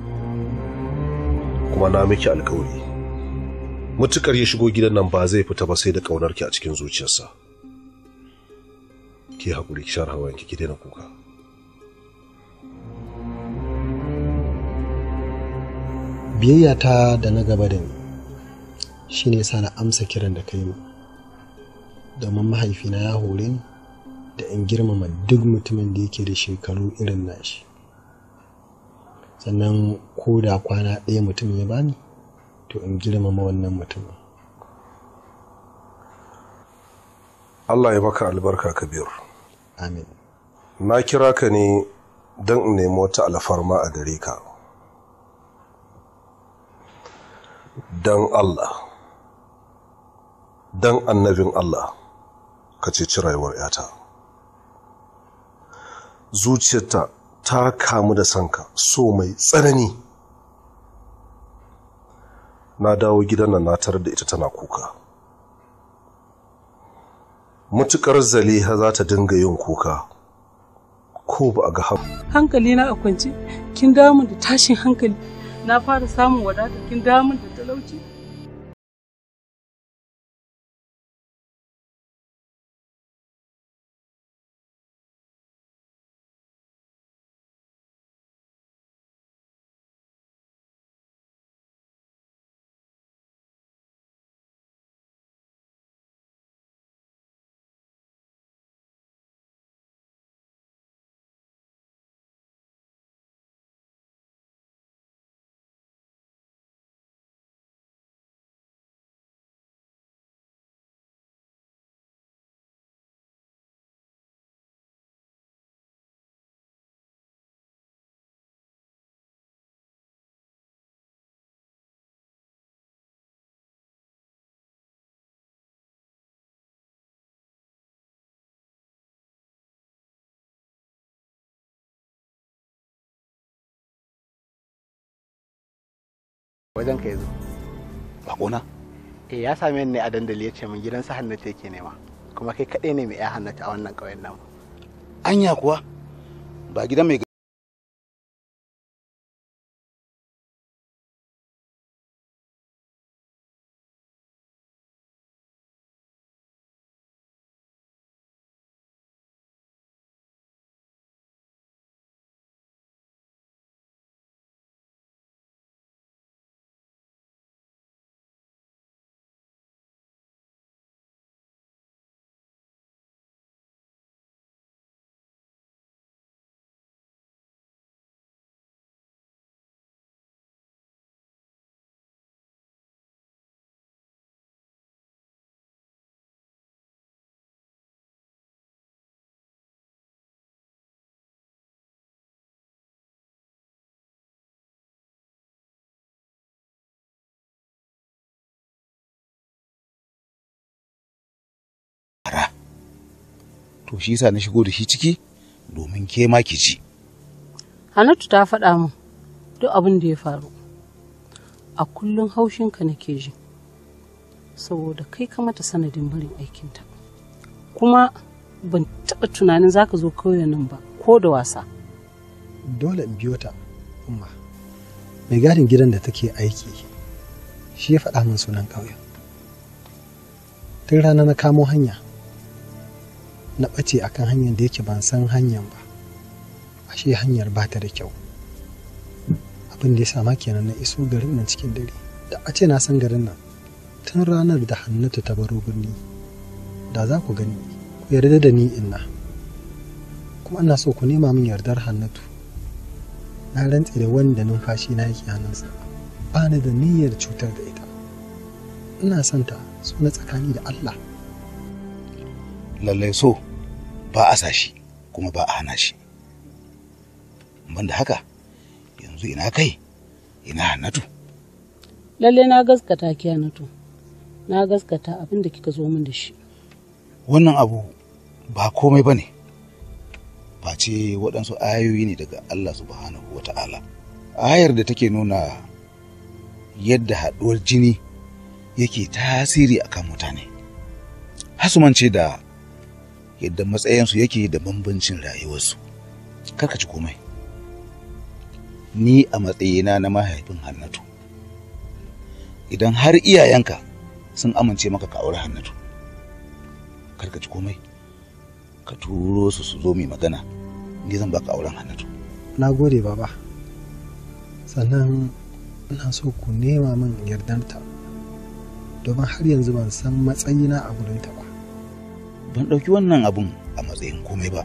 kuma na miki alkawari mutukar ya shigo gidan nan ba zai fita ba sai da ƙaunarki a cikin zuciyarsa ki haƙuri ki share hawayenki ki daina kuka biyayya ta da na gaba da ni shi ne sa na amsa kiran da kai yi domin mahaifina ya hore ni da in girmama duk mutumin da yake da shekaru irin nashi sannan ko da kwana ɗaya mutum ya bani to in girmama wannan mutumin Allah ya baka albarka kabir amin na kira ka ne don in nemi wata alfarma a gare ka Dan Allah don annabin Allah ka ce ci rayuwar ‘yata zuciyarta ta kamu da sanka so mai tsanani na dawo gidan nan na tarar da ita tana kuka mutukar zaliha za ta dinga yin kuka ko ba a ga hankali na a kwance kin damu da tashin hankali na fara samun wadatakin damar da talauci wajen ka yanzu bakona eh ya same ni a dandali ya ce min gidan su hannata yake nema kuma kai kaɗai ne mai ya hannata a wannan ƙauyen namu anya kuwa ba gidan mai to shi yasa na shigo da shi ciki domin ke ma ki ji Hanatu ta faɗa min duk abin da ya faru a kullum haushinka nake ji saboda kai ka mata sanadin barin aikinta kuma ban taɓa tunanin za ka zo kawai nan ba ko da wasa dole in biyo ta umma mai gadin gidan da take aiki shi ya faɗa min sunan ƙauyen tun rana na kamo hanya na ɓace a kan hanyar da yake ban san hanyar ba ashe hanyar ba ta da kyau abin da ya sama kenan na iso garin nan cikin dare da a ce na san garin nan tun ranar da hannatu ta baro birni da za ku gani ku yarda da ni inna kuma ina so ku nema min yardar hannatu na rantse da wanda numfashi na yake hannunsa ba ni da niyyar cutar da ita ina son ta so tsakani da Allah lallai so ba a sashi kuma ba a hana shi banda haka yanzu ina kai ina hannatu lallai na gaskata ki na gaskata abin da kika zo min da shi wannan abu ba komai ba ne face waɗansu ayoyi ne daga allah subhanahu wa ta'ala ayar da take nuna yadda haɗuwar jini yake tasiri akan mutane ce da yadda matsayinsu yake da bambancin rayuwarsu karka ci komai ni a matsayina na mahaifin hannatu idan har iyayenka sun amince maka ka aure hannatu karka ci komai ka turo su su zo mai magana ni zan baka auren hannatu na gode baba sannan ina so ku nema min yardarta domin har yanzu ban san matsayina a gurinta ba ban ɗauki wannan abun a matsayin komai ba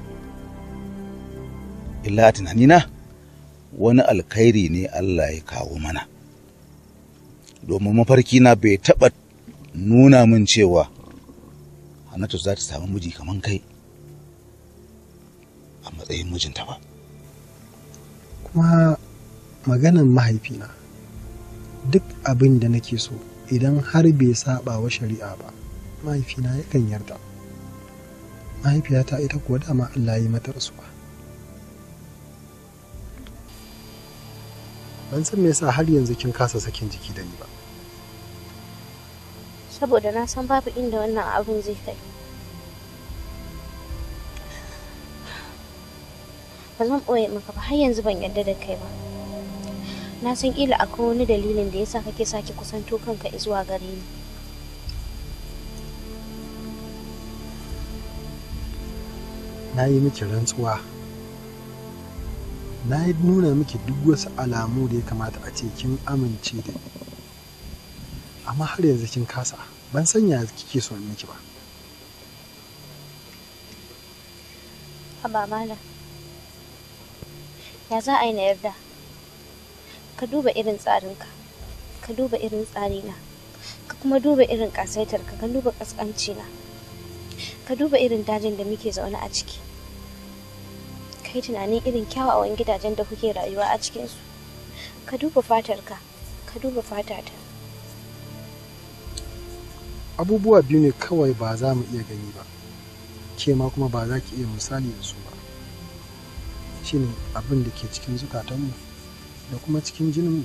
illa a tunanina wani alkhairi ne allah ya kawo mana domin mafarki na bai taɓa nuna min cewa hannatu za ta samu miji kaman kai a matsayin mijinta ba kuma maganan mahaifina duk abin da nake so idan har bai saba wa shari'a ba mahaifina yakan yarda mahaifiyata ita kuwa dama Allah yi mata rasuwa ban san me yasa har yanzu kin kasa sakin jiki da ni ba saboda na san babu inda wannan abun zai kai ba zan ɓoye maka ba har yanzu ban yarda da kai ba na san kila akwai wani dalilin da yasa kake sake kusanto kanka zuwa gare ni na yi miki rantsuwa na yi nuna miki duk wasu alamu da ya kamata a ce kin amince da ni amma har yanzu kin kasa ban sanya kike so miki ba haba ya za a yi na yarda ka duba irin tsarinka ka duba irin tsarina ka kuma duba irin kasaitarka ka duba kaskancina ka duba irin dajin da muke zaune a ciki kai tunanin irin kyawawan gidajen da kuke rayuwa a cikinsu ka duba fatarka ka duba fatata abubuwa biyu ne kawai ba za mu iya gani ba ke ma kuma ba za ki iya misali da su ba shine abin da ke cikin zukatanmu da kuma cikin jininmu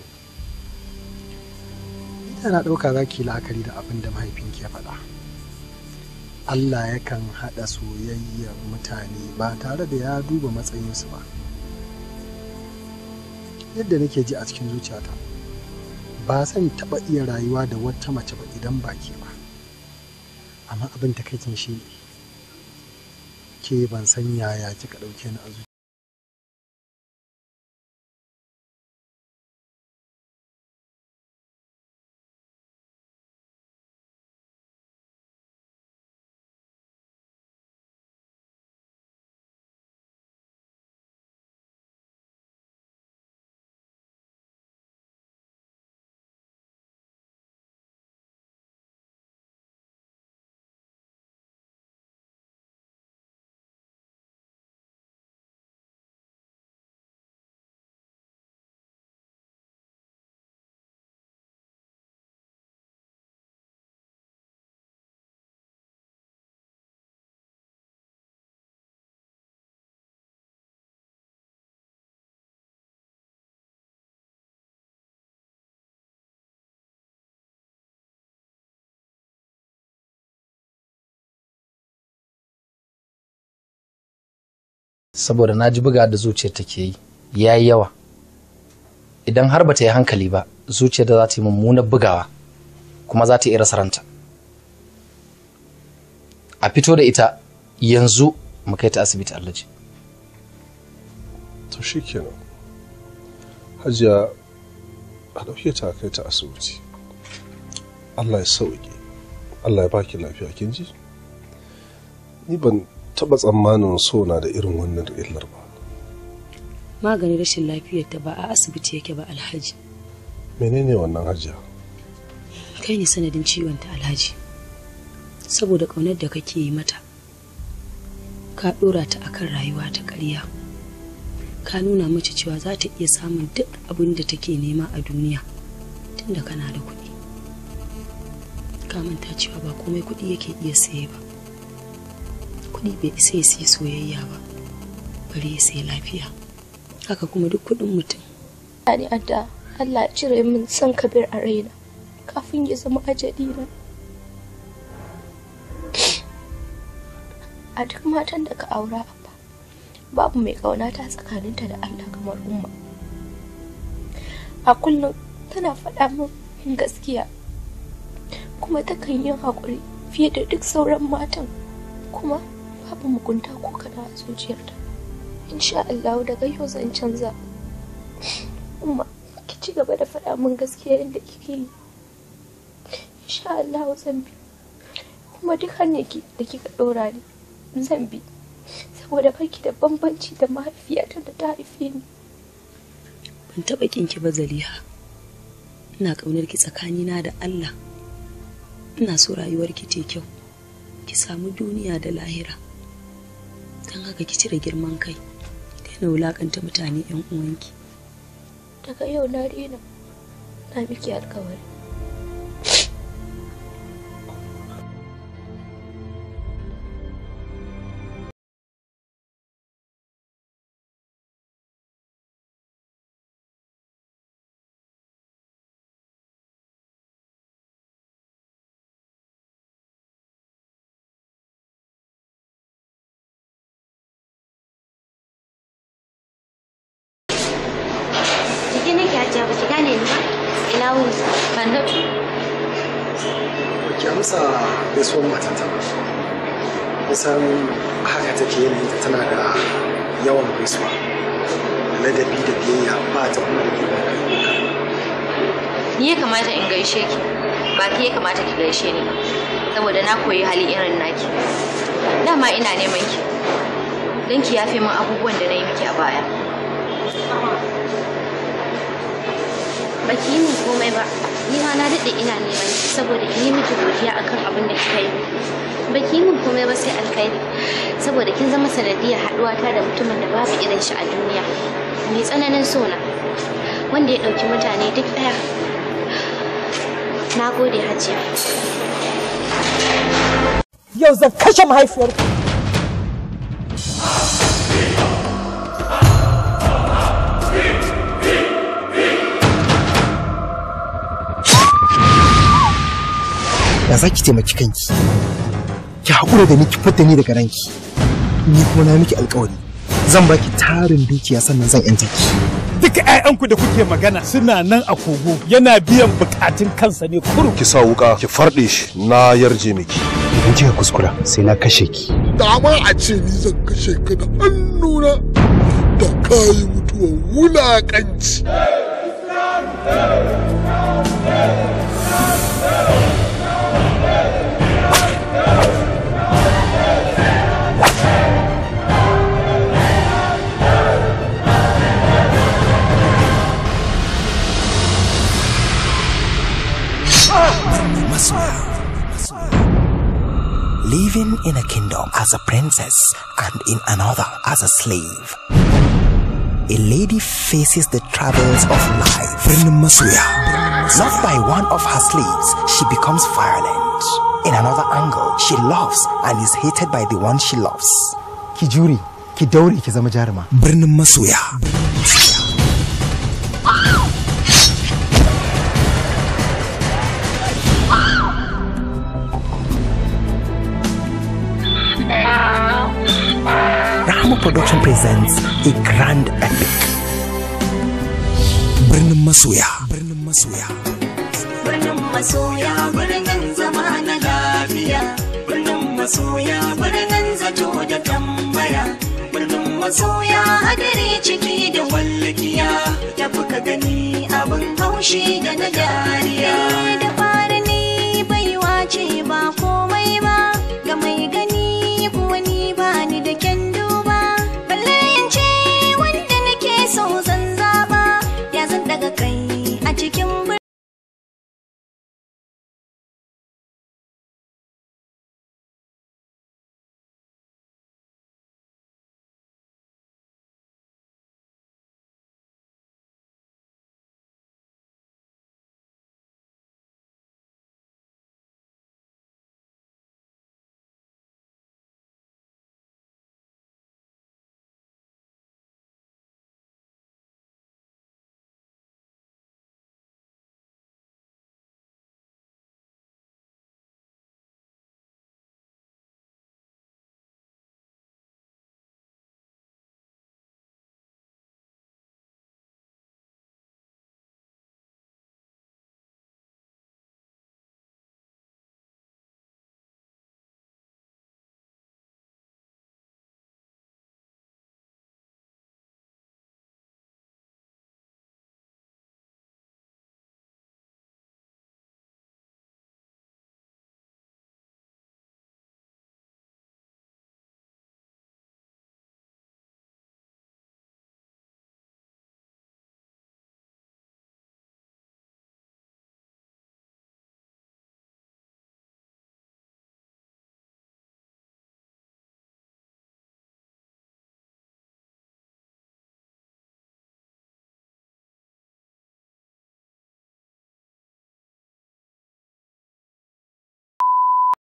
ita na ɗauka za ki la'akari da abin da mahaifinki ya faɗa. Allah yakan haɗa soyayyar mutane ba tare da ya duba matsayinsu ba yadda nake ji a cikin zuciyata ba zan taɓa iya rayuwa da wata mace ba idan ba ke ba amma abin takaicin shi ke ban san yaya kika ɗauke ni a zuciya. saboda na ji buga da zuciyar take yi ya yi yawa idan har ba ta yi hankali ba zuciyar da za ta yi mummunar bugawa kuma za ta yi rasa ranta a fito da ita yanzu mu kai ta asibiti allaji to shi kenan hajiya a ɗauke ta kai ta asibiti allah ya sauke allah ya baki lafiya kin ji ni ban taba tsammanin so na da irin wannan illar ba maganin rashin lafiyar ta ba a asibiti yake ba alhaji menene wannan hajiya kai ne sanadin ciwon ta alhaji saboda kaunar da kake yi mata ka ɗorata ta akan rayuwa ta ƙarya ka nuna mace cewa za ta iya samun duk abin da take nema a duniya tunda kana da kuɗi ka manta cewa ba komai kuɗi yake iya saye ba kuɗi bai isa ya siya soyayya ba bari ya siya lafiya haka kuma duk kuɗin mutum ni adda Allah cire min san kabir a raina kafin ya zama ajali na a duk matan da ka aura abba babu mai kauna ta tsakaninta da Allah kamar umma a kullum tana faɗa min gaskiya kuma takan yin haƙuri fiye da duk sauran matan kuma babu mugunta ko kana a zuciyarta insha Allah daga yau zan canza umma ki ci gaba da faɗa min gaskiya inda kike yi insha Allah zan bi kuma duk hanyar da kika ɗora ni zan bi saboda kanki da bambanci da mahaifiyata da ta haife ni ban taɓa kinki ba zaliha ina ƙaunar ki tsakanina da Allah ina so rayuwarki ce kyau ki samu duniya da lahira don haka ki cire girman kai daina wulakanta mutane 'yan uwanki daga yau na daina na miki alkawari ina wuni kanat ki amsa gaisuwar matata san haka take ta tana da yawan gaisuwa ladabi da biyayya ba ta kuma da girma ni ya kamata in gaishe ki ba ki ya kamata ki gaishe ni saboda na koyi hali irin naki dama ina neman ki don ki yafe min abubuwan da na yi miki a baya baki ne komai ba ni ma na daɗe ina neman saboda in yi miki godiya akan abin da kika yi baki mun komai ba sai alkhairi saboda kin zama sanadiyar haɗuwata da mutumin da babu irin shi a duniya mai tsananin sona wanda ya ɗauki mutane duk ɗaya na gode hajiya yau zan kashe mahaifiyarku da za ki taimaki kanki ki haƙura da ni ki fadda ni daga ranki ni kuma na miki alƙawari zan baki tarin dukiya sannan zan yanta ki duka ƴaƴanku da kuke magana suna nan a kogo yana biyan bukatun kansa ne kuru ki sa wuka ki farɗe shi na yarje miki Idan kika kuskura sai na kashe ki dama a ce ni zan kashe ka da hannuna da kayi mutuwa wulaƙanci Hey! living in a kingdom as a princess and in another as a slave. A lady faces the troubles of life. Not by one of her slaves, she becomes violent. In another angle, she loves and is hated by the one she loves. Kijuri, ki daure ki production presents a grand epic birnin masoya birnin masoya birnin masoya birnin zama na lafiya birnin masoya birnin zato da tambaya birnin masoya hadari ciki da wallakiya da buka gani abin haushi da na dariya da fara ne baiwa ce ba komai da kai a cikin